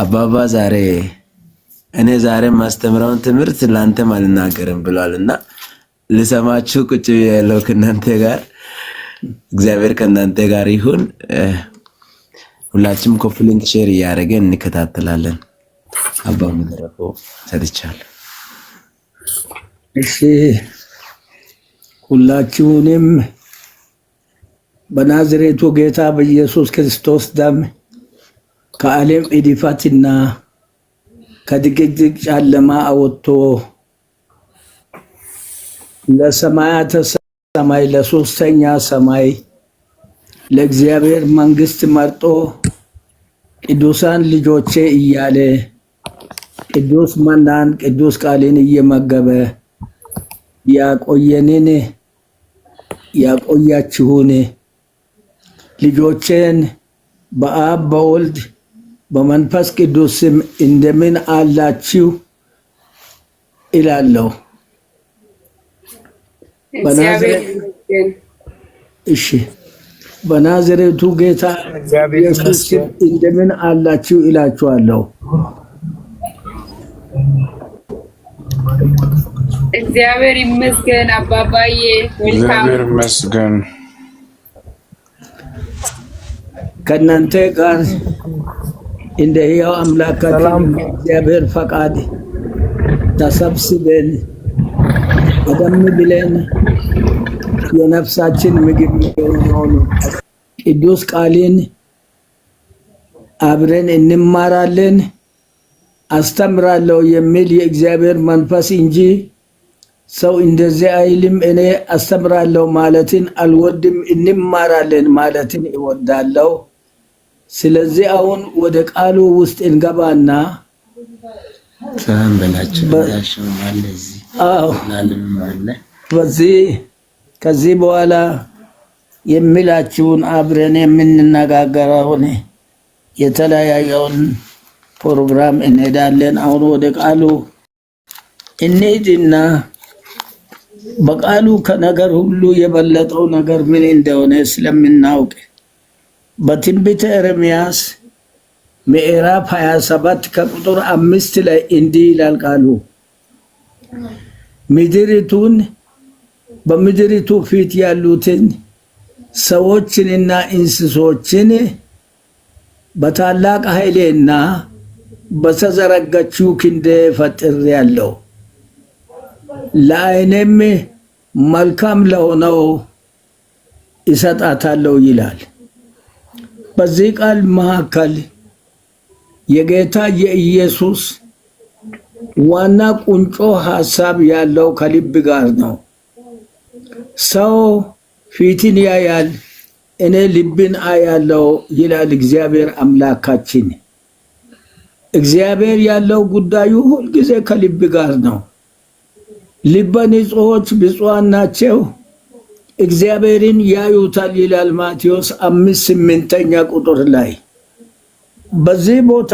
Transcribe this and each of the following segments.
አባባ ዛሬ እኔ ዛሬ ማስተምረውን ትምህርት ለአንተም አልናገርም ብሏል እና ልሰማችሁ ቁጭ ያለው ከእናንተ ጋር እግዚአብሔር ከእናንተ ጋር ይሁን። ሁላችንም ኮፒ ሼር እያደረገን እንከታተላለን። አባ መድረኮ ሰጥቻለሁ። እሺ ሁላችሁንም በናዝሬቱ ጌታ በኢየሱስ ክርስቶስ ደም ከዓለም እድፋትና ከድቅድቅ ጨለማ አወጥቶ ለሰማያተ ሰማይ ለሶስተኛ ሰማይ ለእግዚአብሔር መንግስት መርጦ ቅዱሳን ልጆቼ እያለ ቅዱስ መናን ቅዱስ ቃልን እየመገበ ያቆየንን ያቆያችሁን ልጆቼን በአብ በወልድ በመንፈስ ቅዱስ ስም እንደምን አላችሁ ይላለሁ። እሺ በናዝሬቱ ጌታ ኢየሱስ ስም እንደምን አላችሁ ይላችኋለሁ። እግዚአብሔር ይመስገን አባባዬ፣ እግዚአብሔር ይመስገን ከእናንተ ጋር እንደ ሕያው አምላካችን እግዚአብሔር ፈቃድ ተሰብስበን ቀደም ብለን የነፍሳችን ምግብ የሆነውን ቅዱስ ቃልን አብረን እንማራለን። አስተምራለሁ የሚል የእግዚአብሔር መንፈስ እንጂ ሰው እንደዚህ አይልም። እኔ አስተምራለሁ ማለትን አልወድም፣ እንማራለን ማለትን እወዳለሁ። ስለዚህ አሁን ወደ ቃሉ ውስጥ እንገባና ሰላም በላቸው። በዚህ ከዚህ በኋላ የሚላችሁን አብረን የምንነጋገረውን የተለያየውን ፕሮግራም እንሄዳለን። አሁን ወደ ቃሉ እንሂድና በቃሉ ከነገር ሁሉ የበለጠው ነገር ምን እንደሆነ ስለምናውቅ በትንቢተ ኤርምያስ ምዕራፍ 27 ከቁጥር አምስት ላይ እንዲህ ይላል ቃሉ ምድሪቱን በምድሪቱ ፊት ያሉትን ሰዎችንና እንስሶችን በታላቅ ኃይሌና በተዘረጋችው ክንዴ ያለው ለዓይኔም መልካም ለሆነው ይሰጣታለው ይላል። በዚህ ቃል መካከል የጌታ የኢየሱስ ዋና ቁንጮ ሀሳብ ያለው ከልብ ጋር ነው። ሰው ፊትን ያያል፣ እኔ ልብን አያለው ይላል እግዚአብሔር አምላካችን። እግዚአብሔር ያለው ጉዳዩ ሁልጊዜ ከልብ ጋር ነው። ልበ ንጹሖች ብፁዓን ናቸው እግዚአብሔርን ያዩታል ይላል ማቴዎስ አምስት ስምንተኛ ቁጥር ላይ። በዚህ ቦታ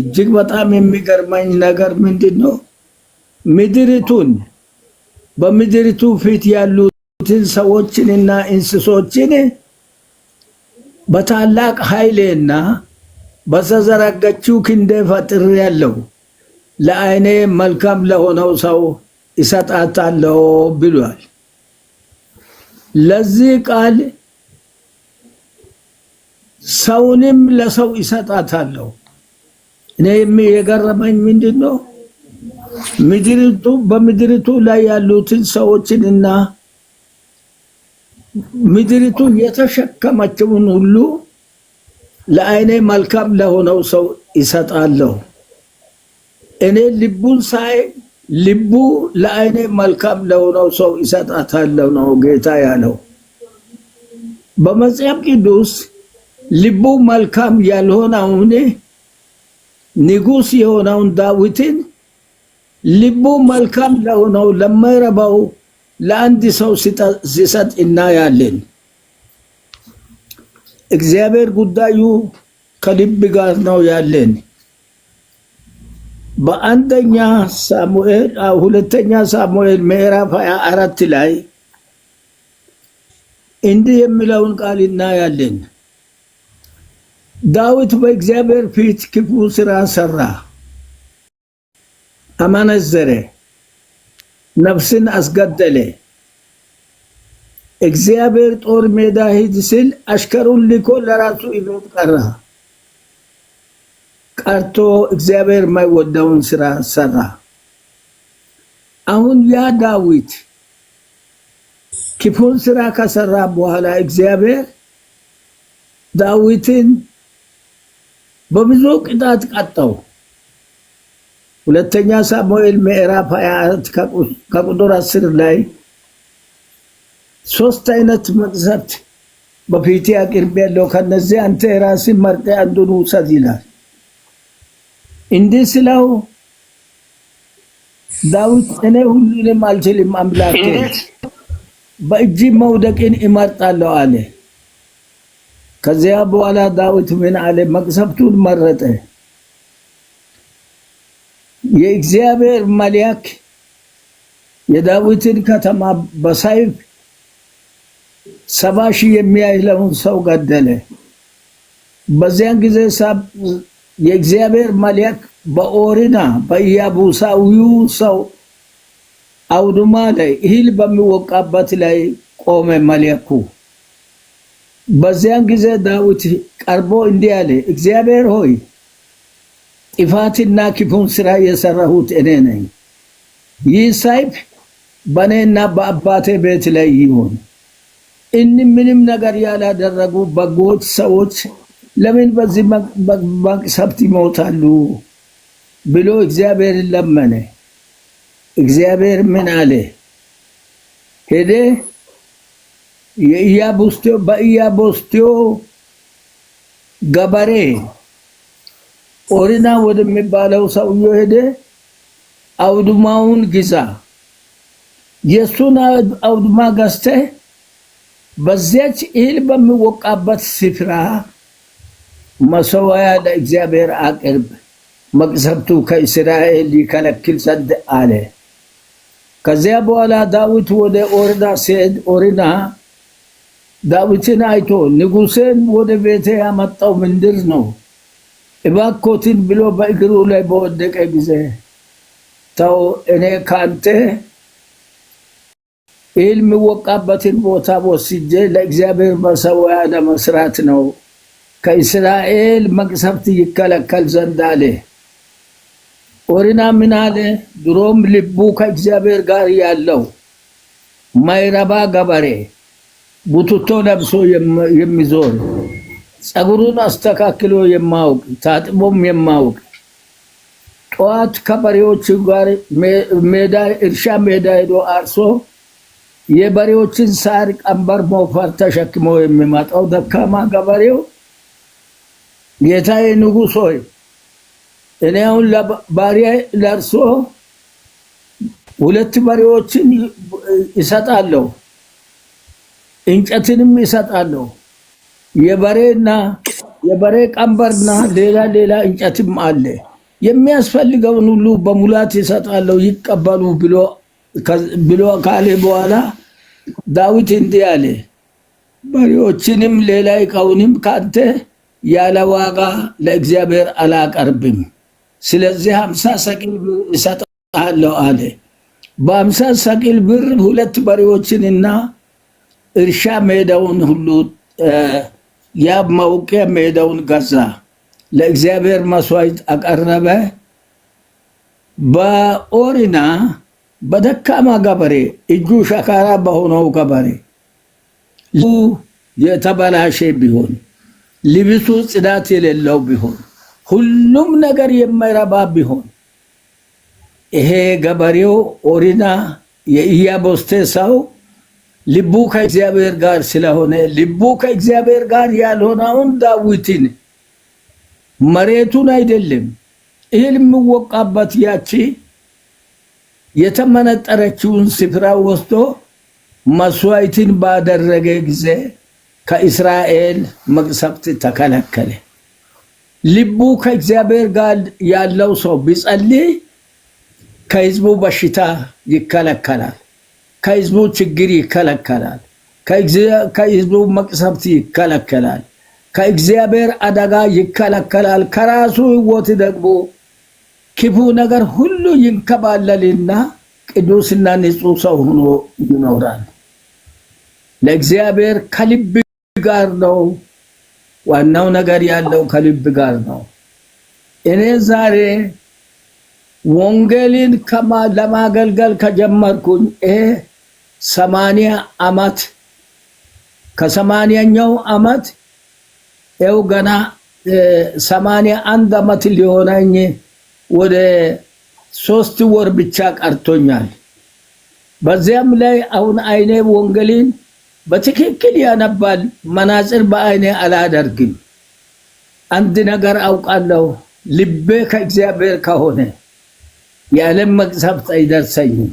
እጅግ በጣም የሚገርመኝ ነገር ምንድን ነው? ምድሪቱን በምድሪቱ ፊት ያሉትን ሰዎችንና እንስሶችን በታላቅ ኃይሌና በተዘረጋችው ክንዴ ፈጥሬ ያለው ለአይኔ መልካም ለሆነው ሰው እሰጣታለሁ ብሏል። ለዚህ ቃል ሰውንም ለሰው ይሰጣታለሁ። እኔ የገረመኝ ምንድን ነው? ምድሪቱ በምድሪቱ ላይ ያሉትን ሰዎችንና ምድሪቱ የተሸከመችውን ሁሉ ለአይኔ መልካም ለሆነው ሰው ይሰጣለሁ። እኔ ልቡን ሳይ ልቡ ለአይኔ መልካም ለሆነው ሰው ይሰጣታለሁ ነው ጌታ ያለው። በመጽሐፍ ቅዱስ ልቡ መልካም ያልሆነውን ንጉሥ የሆነውን ዳዊትን ልቡ መልካም ለሆነው ለመረባው ለአንድ ሰው ሲሰጥ እናያለን። እግዚአብሔር ጉዳዩ ከልብ ጋር ነው ያለን። በአንደኛ ሳሙኤል ሁለተኛ ሳሙኤል ምዕራፍ ሀያ አራት ላይ እንዲህ የሚለውን ቃል እናያለን። ዳዊት በእግዚአብሔር ፊት ክፉ ስራ ሰራ፣ አመነዘረ፣ ነፍስን አስገደለ። እግዚአብሔር ጦር ሜዳ ሂድ ሲል አሽከሩን ልኮ ለራሱ ይዞት ቀራ። ቀርቶ እግዚአብሔር የማይወደውን ስራ ሰራ። አሁን ያ ዳዊት ክፉን ስራ ከሰራ በኋላ እግዚአብሔር ዳዊትን በብዙ ቅጣት ቀጠው። ሁለተኛ ሳሙኤል ምዕራፍ 24 ከቁጥር 10 ላይ ሶስት አይነት መቅሰፍት በፊቴ ያለው ከነዚህ አንተ ራስህ መርጠህ አንዱን ውሰድ ይላል። እንዲህ ስለው ዳዊት እኔ ሁሉንም አልችልም አምላኬ በእጅ መውደቅን እመርጣለሁ አለ። ከዚያ በኋላ ዳዊት ምን አለ? መቅሰፍቱን መረጠ። የእግዚአብሔር መልአክ የዳዊትን ከተማ በሰይፍ ሰባ ሺህ የሚያህለውን ሰው ገደለ። በዚያን ጊዜ የእግዚአብሔር መልአክ በኦሪና በኢያቡሳዊው ሰው አውድማ ላይ እህል በሚወቃበት ላይ ቆመ መልአኩ። በዚያን ጊዜ ዳዊት ቀርቦ እንዲህ አለ፣ እግዚአብሔር ሆይ ጥፋትና ክፉን ስራ የሰራሁት እኔ ነኝ። ይህ ሰይፍ በእኔና በአባቴ ቤት ላይ ይሆን። እኒ ምንም ነገር ያላደረጉ በጎች ሰዎች ለምን በዚህ መቅሰፍት ይሞታሉ ብሎ እግዚአብሔር ለመነ። እግዚአብሔር ምን አለ? ሄደ በኢያቡስቴዮ ገበሬ ኦሪና ወደሚባለው ሰውዬ ሄደ። አውድማውን ግዛ፣ የእሱን አውድማ ገዝተህ በዚያች እህል በሚወቃበት ስፍራ መሰዋያ ለእግዚአብሔር አቅርብ፣ መቅሰፍቱ ከእስራኤል ሊከለክል ዘንድ አለ። ከዚያ በኋላ ዳዊት ወደ ኦርና ሲሄድ ኦርና ዳዊትን አይቶ ንጉሴን ወደ ቤቴ ያመጣው ምንድር ነው እባኮትን ብሎ በእግሩ ላይ በወደቀ ጊዜ ተው እኔ ካንተ እህል የሚወቃበትን ቦታ ወስጄ ለእግዚአብሔር መሰዋያ ለመስራት ነው ከእስራኤል መቅሰፍት ይከለከል ዘንድ አለ። ኦሪና ምን አለ? ድሮም ልቡ ከእግዚአብሔር ጋር ያለው ማይረባ ገበሬ ቡትቶ ለብሶ የሚዞር ጸጉሩን አስተካክሎ የማውቅ ታጥቦም የማውቅ ጠዋት ከበሬዎች ጋር ሜዳ እርሻ ሜዳ ሄዶ አርሶ የበሬዎችን ሳር ቀንበር ሞፈር ተሸክሞ የሚመጣው ደካማ ገበሬው ጌታዬ ንጉሥ ሆይ እኔ አሁን ባሪያ ለእርሶ ሁለት በሬዎችን ይሰጣለሁ፣ እንጨትንም ይሰጣለሁ። የበሬና የበሬ ቀንበርና ሌላ ሌላ እንጨትም አለ። የሚያስፈልገውን ሁሉ በሙላት ይሰጣለሁ፣ ይቀበሉ ብሎ ካለ በኋላ ዳዊት እንዲህ አለ፣ በሬዎችንም ሌላ እቃውንም ካንተ ያለ ዋጋ ለእግዚአብሔር አላቀርብም። ስለዚህ ሀምሳ ሰቅል ብር እሰጥሃለሁ አለ። በሀምሳ ሰቅል ብር ሁለት በሬዎችንና እርሻ ሜዳውን ሁሉ ያ ማውቂያ ሜዳውን ገዛ። ለእግዚአብሔር መስዋዕት አቀረበ። በኦሪና በደካማ ገበሬ እጁ ሸካራ በሆነው ገበሬ የተበላሸ ቢሆን ልብሱ ጽዳት የሌለው ቢሆን ሁሉም ነገር የማይረባ ቢሆን ይሄ ገበሬው ኦሪና የኢያቦስቴ ሰው ልቡ ከእግዚአብሔር ጋር ስለሆነ ልቡ ከእግዚአብሔር ጋር ያልሆነውን ዳዊትን መሬቱን አይደለም እህል የሚወቃበት ያቺ የተመነጠረችውን ስፍራ ወስዶ መስዋዕትን ባደረገ ጊዜ ከእስራኤል መቅሰፍት ተከለከለ። ልቡ ከእግዚአብሔር ጋር ያለው ሰው ቢጸልይ ከህዝቡ በሽታ ይከለከላል፣ ከህዝቡ ችግር ይከለከላል፣ ከህዝቡ መቅሰፍት ይከለከላል፣ ከእግዚአብሔር አደጋ ይከለከላል። ከራሱ ህይወት ደግሞ ክፉ ነገር ሁሉ ይንከባለልና ቅዱስና ንጹህ ሰው ሆኖ ይኖራል። ለእግዚአብሔር ከልብ ጋር ነው። ዋናው ነገር ያለው ከልብ ጋር ነው። እኔ ዛሬ ወንጌልን ለማገልገል ከጀመርኩኝ ይሄ ሰማንያ አመት ከሰማንያኛው አመት ይኸው ገና ሰማንያ አንድ አመት ሊሆነኝ ወደ ሶስት ወር ብቻ ቀርቶኛል። በዚያም ላይ አሁን አይኔ ወንጌልን በትክክል ያነባል። መናጽር በአይኔ አላደርግም። አንድ ነገር አውቃለሁ፣ ልቤ ከእግዚአብሔር ከሆነ የዓለም መቅሰፍት አይደርሰኝም።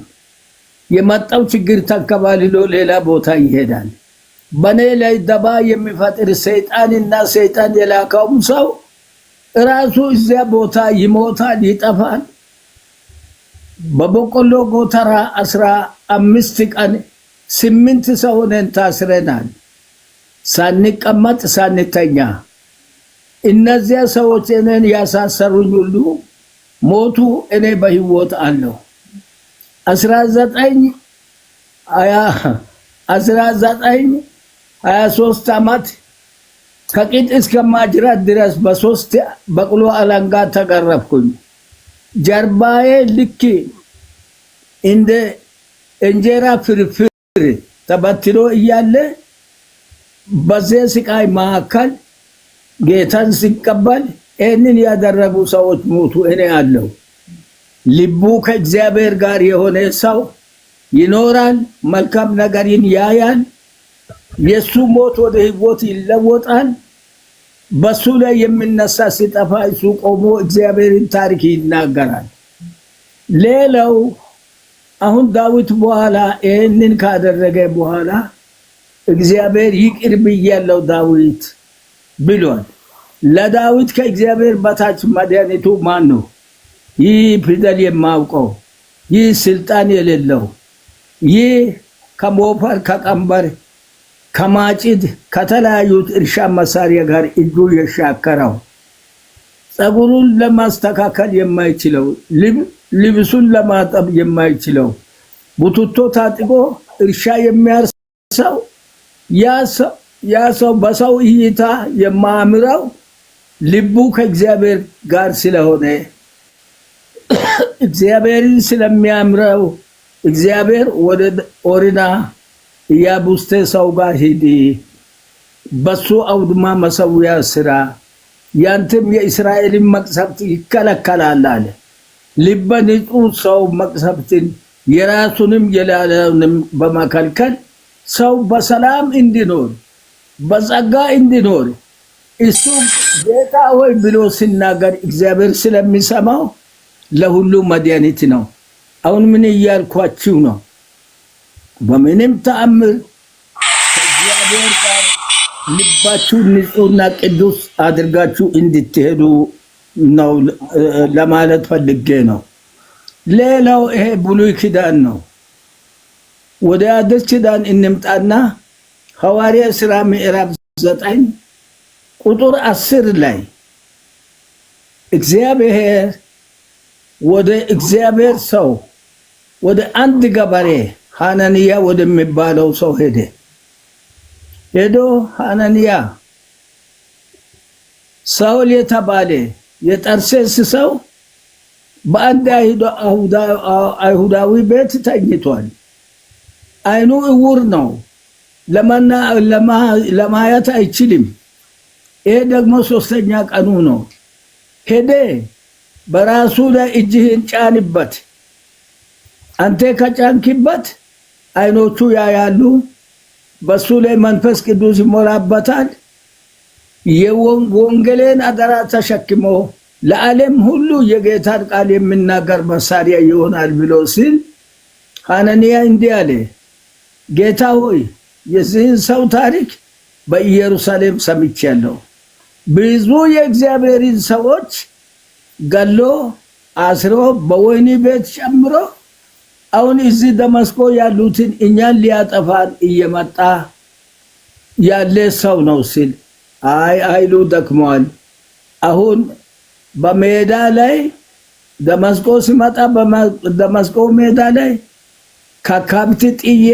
የመጣው ችግር ተከባልሎ ሌላ ቦታ ይሄዳል። በእኔ ላይ ደባ የሚፈጥር ሰይጣንና ሰይጣን የላከውም ሰው እራሱ እዚያ ቦታ ይሞታል፣ ይጠፋል። በበቆሎ ጎተራ አስራ አምስት ቀን ስምንት ሰው ሆነን ታስረናል። ሳንቀመጥ ሳንተኛ። እነዚያ ሰዎች እኔን ያሳሰሩኝ ሁሉ ሞቱ። እኔ በህይወት አለሁ። አስራ ዘጠኝ አስራ ዘጠኝ ሀያ ሶስት ዓመት ከቂጥ እስከ ማጅራት ድረስ በሶስት በቅሎ አለንጋ ተቀረብኩኝ። ጀርባዬ ልክ እንደ እንጀራ ፍርፍር ተበትሎ እያለ በዚህ ስቃይ መካከል ጌታን ሲቀበል ይህንን ያደረጉ ሰዎች ሞቱ። እኔ አለው ልቡ ከእግዚአብሔር ጋር የሆነ ሰው ይኖራል። መልካም ነገርን ያያል። የእሱ ሞት ወደ ሕይወት ይለወጣል። በሱ ላይ የሚነሳ ሲጠፋ እሱ ቆሞ እግዚአብሔርን ታሪክ ይናገራል። ሌላው አሁን ዳዊት በኋላ ይህንን ካደረገ በኋላ እግዚአብሔር ይቅር ብያለሁ ዳዊት ብሏል። ለዳዊት ከእግዚአብሔር በታች መድኃኒቱ ማን ነው? ይህ ፊደል የማውቀው ይህ ስልጣን የሌለው ይህ ከሞፈር ከቀንበር ከማጭድ ከተለያዩት እርሻ መሳሪያ ጋር እጁ የሻከረው ጸጉሩን ለማስተካከል የማይችለው ልብ ልብሱን ለማጠብ የማይችለው ቡትቶ ታጥቆ እርሻ የሚያርሰው ያ ሰው በሰው እይታ የማያምረው ልቡ ከእግዚአብሔር ጋር ስለሆነ እግዚአብሔርን ስለሚያምረው እግዚአብሔር ወደ ኦሪና ኢያቡስቴ ሰው ጋር ሂድ፣ በሱ አውድማ መሰዊያ ስራ፣ ያንተም የእስራኤልን መቅሰፍት ይከለከላል አለ። ልበ ንጹሕ ሰው መቅሰፍትን የራሱንም የላለውንም በመከልከል ሰው በሰላም እንዲኖር በጸጋ እንዲኖር እሱ ጌታ ሆይ ብሎ ሲናገር እግዚአብሔር ስለሚሰማው ለሁሉ መድኃኒት ነው። አሁን ምን እያልኳችሁ ነው? በምንም ተአምር ከእግዚአብሔር ጋር ልባችሁ ንጹሕና ቅዱስ አድርጋችሁ እንድትሄዱ ነው ለማለት ፈልጌ ነው። ሌላው ይሄ ብሉይ ኪዳን ነው። ወደ አዲስ ኪዳን እንምጣና ሐዋርያ ሥራ ምዕራፍ ዘጠኝ ቁጥር አስር ላይ እግዚአብሔር ወደ እግዚአብሔር ሰው ወደ አንድ ገበሬ ሐናንያ ወደሚባለው ሰው ሄደ። ሄዶ ሐናንያ ሳውል የተባለ የጠርሴስ ሰው በአንድ አይሁዳዊ ቤት ተኝቷል። አይኑ እውር ነው፣ ለማየት አይችልም። ይሄ ደግሞ ሶስተኛ ቀኑ ነው። ሄዴ በራሱ ላይ እጅህን ጫንበት። አንተ ከጫንክበት አይኖቹ ያያሉ፣ በሱ ላይ መንፈስ ቅዱስ ይሞላበታል። የወንጌልን አደራ ተሸክሞ ለዓለም ሁሉ የጌታን ቃል የሚናገር መሳሪያ ይሆናል ብሎ ሲል ሐናንያ እንዲህ አለ፣ ጌታ ሆይ የዚህን ሰው ታሪክ በኢየሩሳሌም ሰምቻለሁ። ብዙ የእግዚአብሔርን ሰዎች ገሎ አስሮ በወህኒ ቤት ጨምሮ አሁን እዚህ ደመስቆ ያሉትን እኛን ሊያጠፋን እየመጣ ያለ ሰው ነው ሲል አይ አይሉ ደክሟል። አሁን በሜዳ ላይ ደመስቆ ሲመጣ ደማስቆ ሜዳ ላይ ከካብት ጥዬ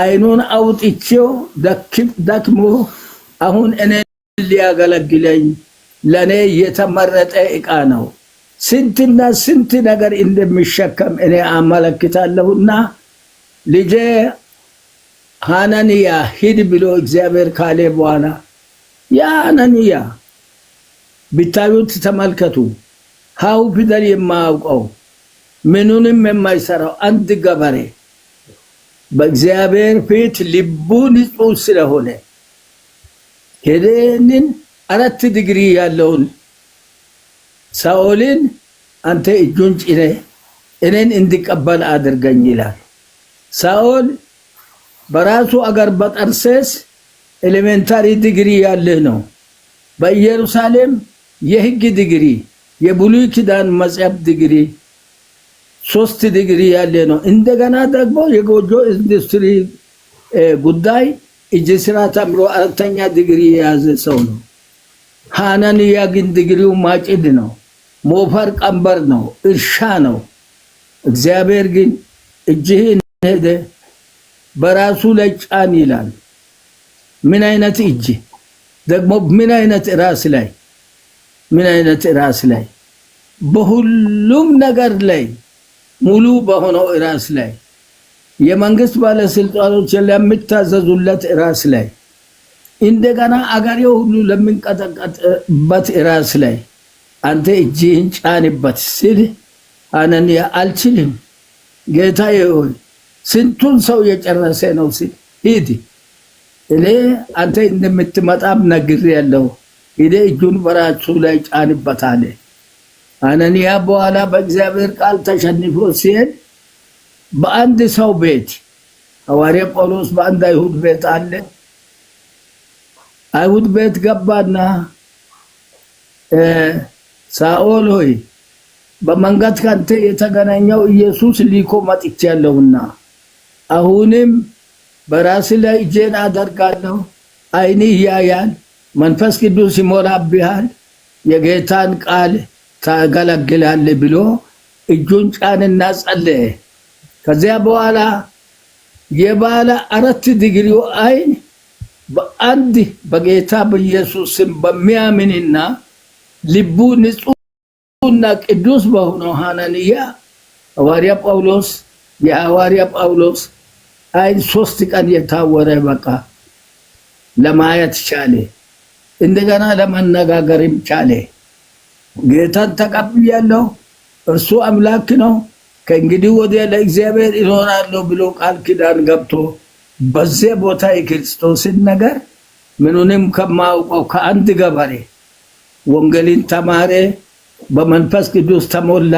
አይኑን አውጥቼው ደክሞ አሁን እኔ ሊያገለግለኝ ለእኔ የተመረጠ እቃ ነው። ስንትና ስንት ነገር እንደሚሸከም እኔ አመለክታለሁና ልጄ ሐናንያ ሂድ ብሎ እግዚአብሔር ካሌ በኋላ ያነንያ ብታዩት ተመልከቱ። ሀው ፊደል የማያውቀው ምኑንም የማይሰራው አንድ ገበሬ በእግዚአብሔር ፊት ልቡ ንጹሕ ስለሆነ ሄደንን አራት ዲግሪ ያለውን ሳኦልን አንተ እጁን ጭነ እኔን እንዲቀበል አድርገኝ ይላል። ሳኦል በራሱ አገር በጠርሴስ ኤሌሜንታሪ ዲግሪ ያለህ ነው። በኢየሩሳሌም የህግ ዲግሪ፣ የብሉይ ኪዳን መጽሐፍ ዲግሪ ሶስት ዲግሪ ያለ ነው። እንደገና ደግሞ የጎጆ ኢንዱስትሪ ጉዳይ እጅ ስራ ተምሮ አራተኛ ዲግሪ የያዘ ሰው ነው። ሐናንያ ግን ዲግሪው ማጭድ ነው፣ ሞፈር ቀንበር ነው፣ እርሻ ነው። እግዚአብሔር ግን እጅህን ሄደ በራሱ ላይ ጫን ይላል። ምን አይነት እጅ ደግሞ ምን አይነት ራስ ላይ ምን አይነት ራስ ላይ በሁሉም ነገር ላይ ሙሉ በሆነው ራስ ላይ የመንግስት ባለስልጣኖች ለሚታዘዙለት ራስ ላይ እንደገና አገሬው ሁሉ ለሚንቀጠቀጥበት ራስ ላይ አንተ እጅህን ጫንበት ስል አነንያ አልችልም ጌታዬ ሆይ ስንቱን ሰው የጨረሰ ነው ሲል ሂድ እኔ አንተ እንደምትመጣም ነግር ያለው እኔ እጁን በራሱ ላይ ጫንበታል። አናንያ በኋላ በእግዚአብሔር ቃል ተሸንፎ ሲሄድ በአንድ ሰው ቤት ሐዋርያ ጳውሎስ በአንድ አይሁድ ቤት አለ። አይሁድ ቤት ገባና ሳኦል ሆይ በመንገድ ካንተ የተገናኘው ኢየሱስ ሊኮ መጥቻለሁና አሁንም በራስ ላይ እጄን አደርጋለሁ። አይን እያያል መንፈስ ቅዱስ ይሞራብሃል፣ የጌታን ቃል ታገለግላል ብሎ እጁን ጫንና ጸለየ። ከዚያ በኋላ የባለ አራት ዲግሪው አይን በአንድ በጌታ በኢየሱስ ስም በሚያምንና ልቡ ንጹህና ቅዱስ በሆነው ሐናንያ ሐዋርያ ጳውሎስ የሐዋርያ ጳውሎስ አይን ሶስት ቀን የታወረ በቃ ለማየት ቻለ። እንደገና ለመነጋገርም ቻለ። ጌታን ተቀብያለሁ፣ እርሱ አምላክ ነው፣ ከእንግዲህ ወዲያ ለእግዚአብሔር እኖራለሁ ብሎ ቃል ኪዳን ገብቶ በዚህ ቦታ የክርስቶስን ነገር ምኑንም ከማውቀው ከአንድ ገበሬ ወንጌልን ተማረ። በመንፈስ ቅዱስ ተሞላ።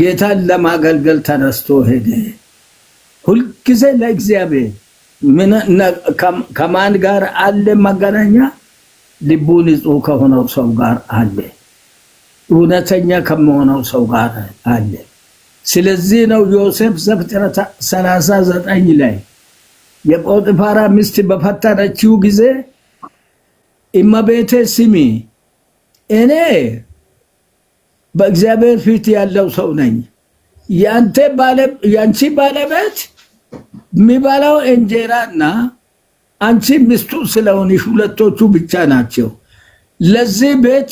ጌታን ለማገልገል ተነስቶ ሄደ። ሁልጊዜ ለእግዚአብሔር ከማን ጋር አለ ማገናኛ? ልቡ ንጹህ ከሆነው ሰው ጋር አለ፣ እውነተኛ ከመሆነው ሰው ጋር አለ። ስለዚህ ነው ዮሴፍ ዘፍጥረት 39 ላይ የጶጥፋራ ሚስት በፈተነችው ጊዜ እመቤቴ ስሚ፣ እኔ በእግዚአብሔር ፊት ያለው ሰው ነኝ፣ ያንቺ ባለቤት የሚበላው እንጀራ እና አንቺ ሚስቱ ስለሆንሽ ሁለቶቹ ብቻ ናቸው። ለዚህ ቤት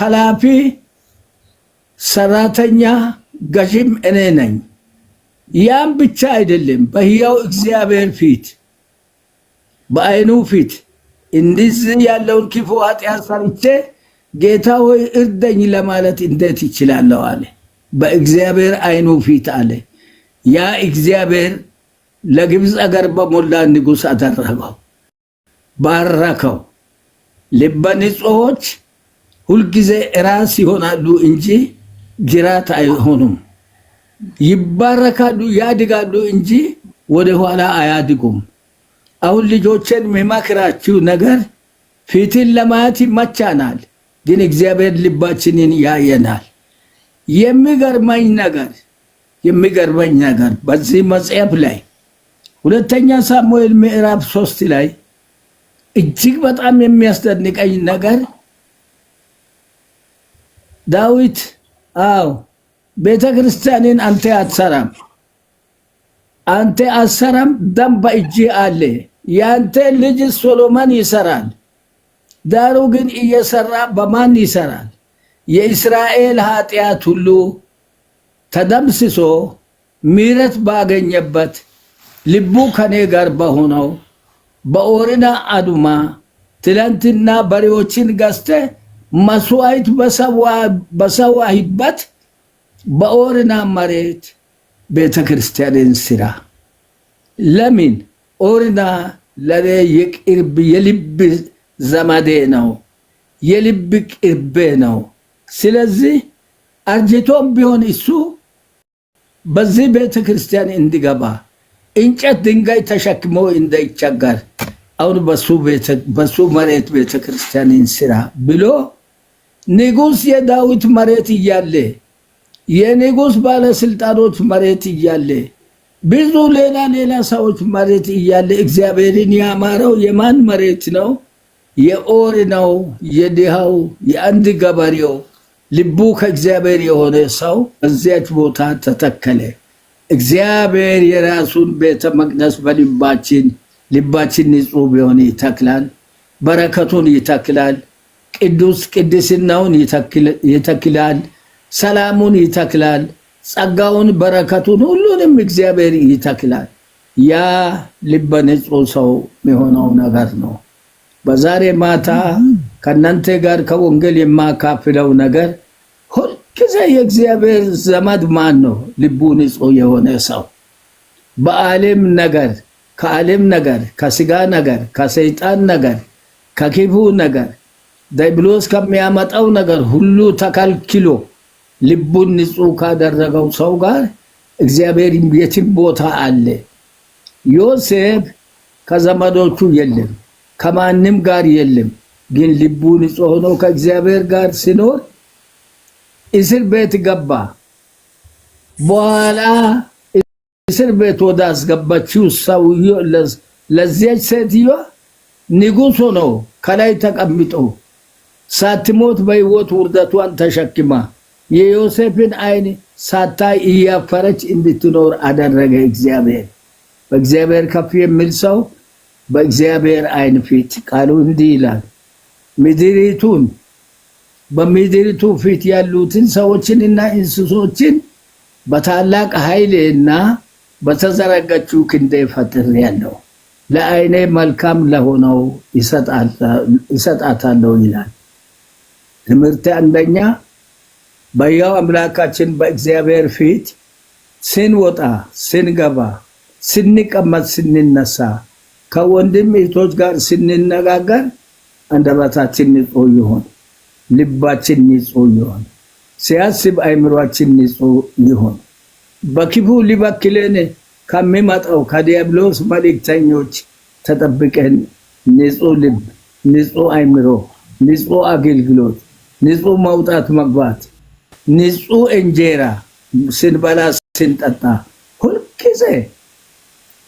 ኃላፊ ሰራተኛ ገዥም እኔ ነኝ። ያም ብቻ አይደለም፣ በህያው እግዚአብሔር ፊት በአይኑ ፊት እንዲህ ያለውን ክፉ ኃጢአት ሰርቼ ጌታ ሆይ እርደኝ ለማለት እንዴት ይችላለሁ? አለ። በእግዚአብሔር አይኑ ፊት አለ። ያ እግዚአብሔር ለግብፅ አገር በሞላ ንጉስ አደረገው፣ ባረከው። ልበ ንጹሖች ሁልጊዜ ራስ ይሆናሉ እንጂ ጅራት አይሆኑም። ይባረካሉ፣ ያድጋሉ እንጂ ወደ ኋላ አያድጉም። አሁን ልጆችን የሚመክራችሁ ነገር ፊትን ለማየት ይመቻናል፣ ግን እግዚአብሔር ልባችንን ያየናል። የሚገርመኝ ነገር የሚገርመኝ ነገር በዚህ መጽሐፍ ላይ ሁለተኛ ሳሙኤል ምዕራፍ ሶስት ላይ እጅግ በጣም የሚያስደንቀኝ ነገር ዳዊት አዎ ቤተ ክርስቲያንን አንተ አትሰራም፣ አንተ አትሰራም፣ ደም በእጅ አለ። ያንተ ልጅ ሶሎሞን ይሰራል። ዳሩ ግን እየሰራ በማን ይሰራል? የእስራኤል ኃጢአት ሁሉ ተደምስሶ ምሕረት ባገኘበት ልቡ ከኔ ጋር በሆነው በኦሪና አዱማ ትላንትና በሬዎችን ገዝተ መስዋዕት በሰዋሂበት በኦሪና መሬት ቤተ ክርስቲያንን ስራ። ለምን ኦሪና ለኔ የቅርብ የልብ ዘመዴ ነው፣ የልብ ቅርቤ ነው። ስለዚህ አርጅቶም ቢሆን እሱ በዚህ ቤተ ክርስቲያን እንዲገባ እንጨት ድንጋይ ተሸክሞ እንዳይቸገር አሁን በሱ መሬት ቤተክርስቲያንን ስራ ብሎ ንጉስ የዳዊት መሬት እያለ የንጉስ ባለስልጣኖች መሬት እያለ ብዙ ሌላ ሌላ ሰዎች መሬት እያለ እግዚአብሔርን ያማረው የማን መሬት ነው? የኦር ነው። የድሃው የአንድ ገበሬው ልቡ ከእግዚአብሔር የሆነ ሰው በዚያች ቦታ ተተከለ። እግዚአብሔር የራሱን ቤተ መቅደስ በልባችን ልባችን ንጹህ ቢሆን ይተክላል፣ በረከቱን ይተክላል፣ ቅዱስ ቅድስናውን ይተክላል፣ ሰላሙን ይተክላል፣ ጸጋውን፣ በረከቱን ሁሉንም እግዚአብሔር ይተክላል። ያ ልበ ንጹህ ሰው የሆነው ነገር ነው። በዛሬ ማታ ከእናንተ ጋር ከወንጌል የማካፍለው ነገር ከዚያ የእግዚአብሔር ዘመድ ማን ነው? ልቡ ንጹህ የሆነ ሰው በዓለም ነገር ከዓለም ነገር ከስጋ ነገር ከሰይጣን ነገር ከክፉ ነገር ዲያብሎስ ከሚያመጣው ነገር ሁሉ ተከልክሎ ልቡን ንጹህ ካደረገው ሰው ጋር እግዚአብሔር የትም ቦታ አለ። ዮሴፍ ከዘመዶቹ የለም፣ ከማንም ጋር የለም። ግን ልቡ ንጹህ ሆኖ ከእግዚአብሔር ጋር ሲኖር እስር ቤት ገባ። በኋላ እስር ቤት ወደ አስገባችው ሰውዮ ለዚያች ሴትዮ ንጉሶ ነው ከላይ ተቀምጦ ሳትሞት በህይወት ውርደቷን ተሸክማ የዮሴፍን አይን ሳታይ እያፈረች እንድትኖር አደረገ። እግዚአብሔር በእግዚአብሔር ከፍ የሚል ሰው በእግዚአብሔር አይን ፊት ቃሉ እንዲህ ይላል ምድሪቱን በምድሪቱ ፊት ያሉትን ሰዎችን እና እንስሶችን በታላቅ ኃይል እና በተዘረጋችው ክንዴ ፈጥር ያለው ለአይኔ መልካም ለሆነው ይሰጣታለው ይላል። ትምህርት አንደኛ በያው አምላካችን በእግዚአብሔር ፊት ስንወጣ፣ ስንገባ፣ ስንቀመጥ፣ ስንነሳ፣ ከወንድም እህቶች ጋር ስንነጋገር አንደበታችን ንጹህ ይሁን። ልባችን ንጹህ ይሆን፣ ሲያስብ አይምሯችን ንጹህ ይሆን። በክፉ ሊበክለን ከሚመጣው ከዲያብሎስ መልእክተኞች ተጠብቀን ንጹህ ልብ፣ ንጹህ አይምሮ፣ ንጹህ አገልግሎት፣ ንጹህ መውጣት መግባት፣ ንጹህ እንጀራ ስንበላ ስንጠጣ ሁልጊዜ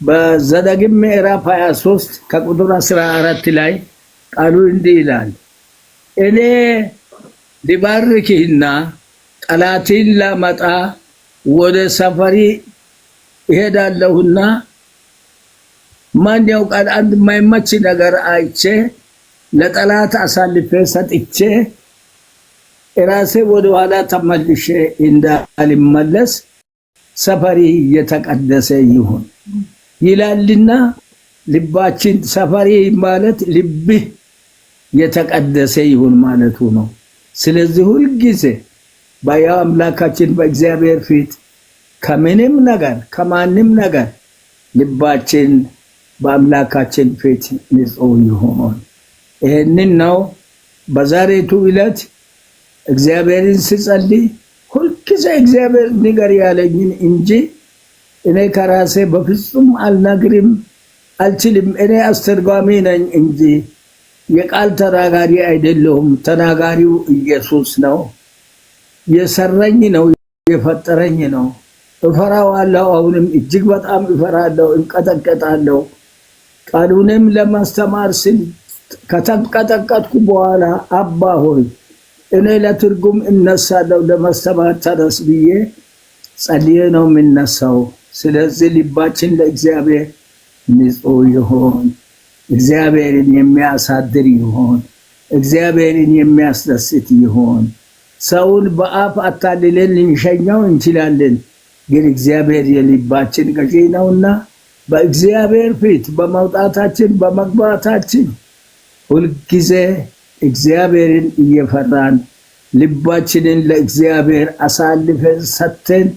በዘዳግም ምዕራፍ 23 ከቁጥር 14 ላይ ቃሉ እንዲህ ይላል እኔ ሊባርክህና ጠላትን ላመጣ ወደ ሰፈሪ እሄዳለሁና ማን ያውቃል አንድ ማይመች ነገር አይቼ ለጠላት አሳልፌ ሰጥቼ ራሴ ወደ ኋላ ተመልሼ እንዳልመለስ ሰፈሪ የተቀደሰ ይሁን ይላልና ልባችን ሰፈሪ ማለት ልብህ የተቀደሰ ይሁን ማለቱ ነው። ስለዚህ ሁልጊዜ በሕያው አምላካችን በእግዚአብሔር ፊት ከምንም ነገር ከማንም ነገር ልባችን በአምላካችን ፊት ንጹሕ ይሆን። ይህንን ነው በዛሬቱ ዕለት እግዚአብሔርን ስጸልይ ሁልጊዜ እግዚአብሔር ንገር ያለኝን እንጂ እኔ ከራሴ በፍጹም አልነግርም አልችልም። እኔ አስተርጓሚ ነኝ እንጂ የቃል ተናጋሪ አይደለሁም፣ ተናጋሪው ኢየሱስ ነው። የሰረኝ ነው፣ የፈጠረኝ ነው። እፈራዋለሁ፣ አሁንም እጅግ በጣም እፈራለሁ፣ እንቀጠቀጣለሁ። ቃሉንም ለማስተማር ስል ከተንቀጠቀጥኩ በኋላ አባ ሆይ እኔ ለትርጉም እነሳለሁ፣ ለማስተማር ተነስ ብዬ ጸልዬ ነው የምነሳው። ስለዚህ ልባችን ለእግዚአብሔር ንጹሕ ይሆን። እግዚአብሔርን የሚያሳድር ይሆን፣ እግዚአብሔርን የሚያስደስት ይሆን። ሰውን በአፍ አታልለን ልንሸኘው እንችላለን፣ ግን እግዚአብሔር የልባችን ቀ ነውና በእግዚአብሔር ፊት በመውጣታችን በመግባታችን ሁልጊዜ እግዚአብሔርን እየፈራን ልባችንን ለእግዚአብሔር አሳልፈን ሰጥተን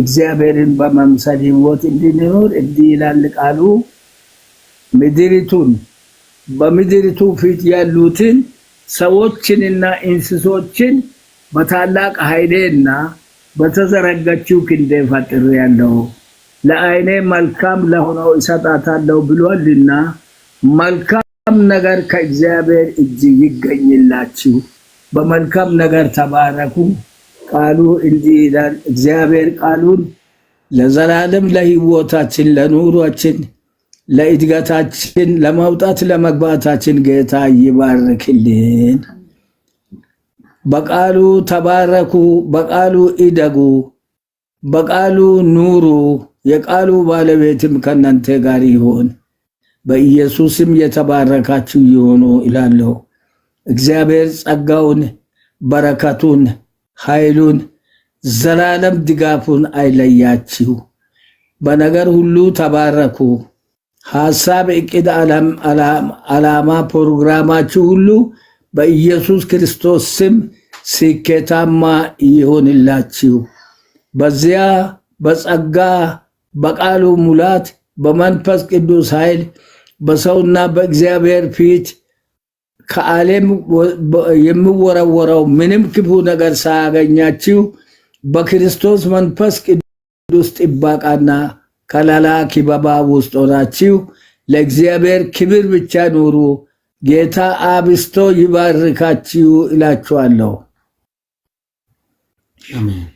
እግዚአብሔርን በመምሰል ሕይወት እንድንኖር እንዲህ ይላል ቃሉ። ምድሪቱን በምድሪቱ ፊት ያሉትን ሰዎችንና እንስሶችን በታላቅ ኃይሌና በተዘረጋችው ክንዴ ፈጥር ያለው ለአይኔ መልካም ለሆነው እሰጣታለሁ ብሏልና መልካም ነገር ከእግዚአብሔር እጅ ይገኝላችሁ፣ በመልካም ነገር ተባረኩ። ቃሉ እንዲህ ይላል። እግዚአብሔር ቃሉን ለዘላለም ለህይወታችን ለኑሯችን ለእድገታችን ለመውጣት ለመግባታችን ጌታ ይባርክልን። በቃሉ ተባረኩ፣ በቃሉ ኢደጉ በቃሉ ኑሩ። የቃሉ ባለቤትም ከእናንተ ጋር ይሆን። በኢየሱስም የተባረካችሁ ይሆኑ ይላለሁ። እግዚአብሔር ጸጋውን፣ በረከቱን፣ ኃይሉን፣ ዘላለም ድጋፉን አይለያችሁ። በነገር ሁሉ ተባረኩ። ሐሳብ፣ እቅድ፣ ዓላማ፣ ፕሮግራማችሁ ሁሉ በኢየሱስ ክርስቶስ ስም ስኬታማ ይሆንላችሁ። በዚያ በጸጋ በቃሉ ሙላት በመንፈስ ቅዱስ ኃይል በሰውና በእግዚአብሔር ፊት ከዓለም የሚወረወረው ምንም ክፉ ነገር ሳያገኛችሁ በክርስቶስ መንፈስ ቅዱስ ጥባቃና ከላላ ኪበባ ውስጥ ሆናችሁ ለእግዚአብሔር ክብር ብቻ ኑሩ። ጌታ አብስቶ ይባርካችሁ እላችኋለሁ። አሜን።